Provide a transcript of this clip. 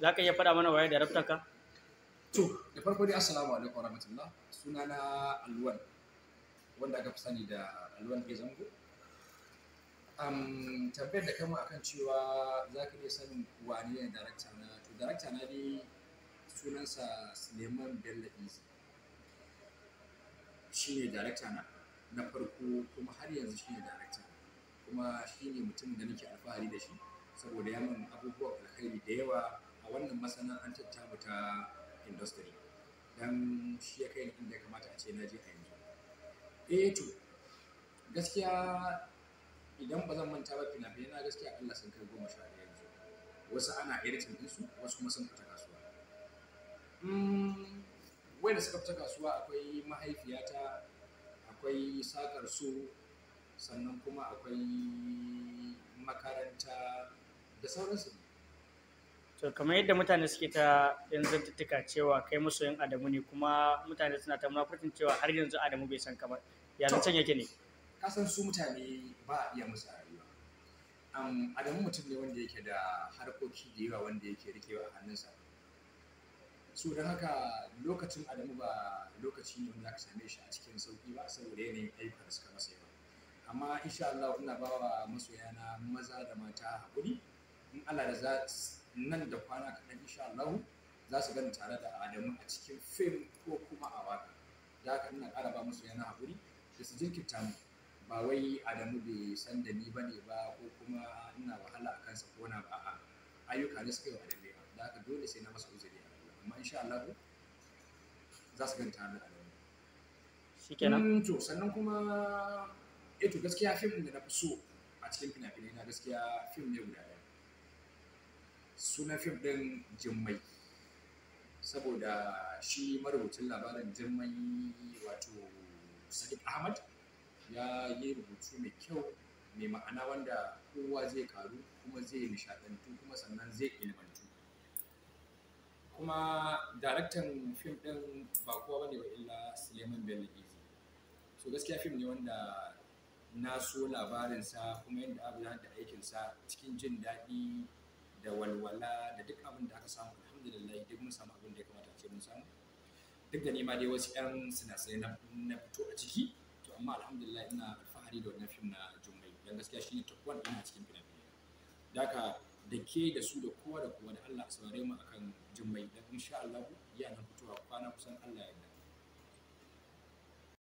za ka iya faɗa mana waye daraftan ka to da farko dai assalamu alaikum warahmatullah na alwan wanda aka fi sani da alwan ke zango um, tambayar da kama akan cewa za ka iya sanin wani ne darakta na to darakta na dai sunansa suleiman bello izi shi ne darakta na na farko kuma har yanzu shi ne darakta kuma shi ne mutum da nake alfahari da shi saboda ya abubuwa abubuwan alkhairi da yawa wannan masana'antar tamu ta industry dan shi ya kai inda ya kamata a ce na je a yanzu E to gaskiya idan ba zan manta ba fina fina na gaskiya Allah sun kai goma sha daya yanzu wasu ana editing su wasu kuma sun fita kasuwa hmm, da suka fita kasuwa akwai mahaifiyata akwai sakar su sannan kuma akwai makaranta da sauransu ne to kamar yadda mutane suke ta yin zantuttuka cewa kai masoyin adamu ne kuma mutane suna ta munafurcin cewa har yanzu adamu bai san kamar ya can yake ne kasan su mutane ba a iya musu rayuwa adamu mutum ne wanda yake da harkoki da yawa wanda yake rikewa a hannunsa su don haka lokacin adamu ba lokaci ne wanda aka same shi a cikin sauki ba saboda yanayin ayyukan da suka masa yawa amma insha Allah ina ba wa masoyana maza da mata hakuri. in Allah da za nan da kwana kaɗan insha Allah za su gani tare da Adamu a cikin fim ko kuma a waka da haka ina ƙara ba musu yana haƙuri da su jinkirta mu ba wai Adamu bai san da ni bane ba ko kuma ina wahala a kansa ko na ba a ayyuka ne suka yi wa Adamu da haka dole sai na masa uzuri a Allah amma insha Allah za su gani tare da Adamu shikenan mm, to sannan kuma eh to gaskiya fim da na fi so a cikin fina-finai na gaskiya fim ne guda Suna fim ɗin jimmai saboda shi marubucin labarin jimmai wato sadiq ahmad ya yi rubutu mai kyau mai ma'ana wanda kowa zai karu kuma zai nishadantu kuma sannan zai ilmantu kuma daraktan fim ɗin ba kowa bane ba illa suleiman bello izi so gaskiya fim ne wanda na so labarinsa kuma yadda abu da aikinsa cikin jin daɗi da walwala da duk abin da aka samu alhamdulillah duk mun samu abin da ya kamata ce mun samu duk da ma dai wasu yan sinasai na fito a ciki to amma alhamdulillah ina alfahari da wannan fim na jummai dan gaskiya shine top one ina cikin fina daka da ke da su da kowa da kowa da Allah saurare mu akan jummai dan insha Allah ya yana fitowa kwana kusan Allah ya yarda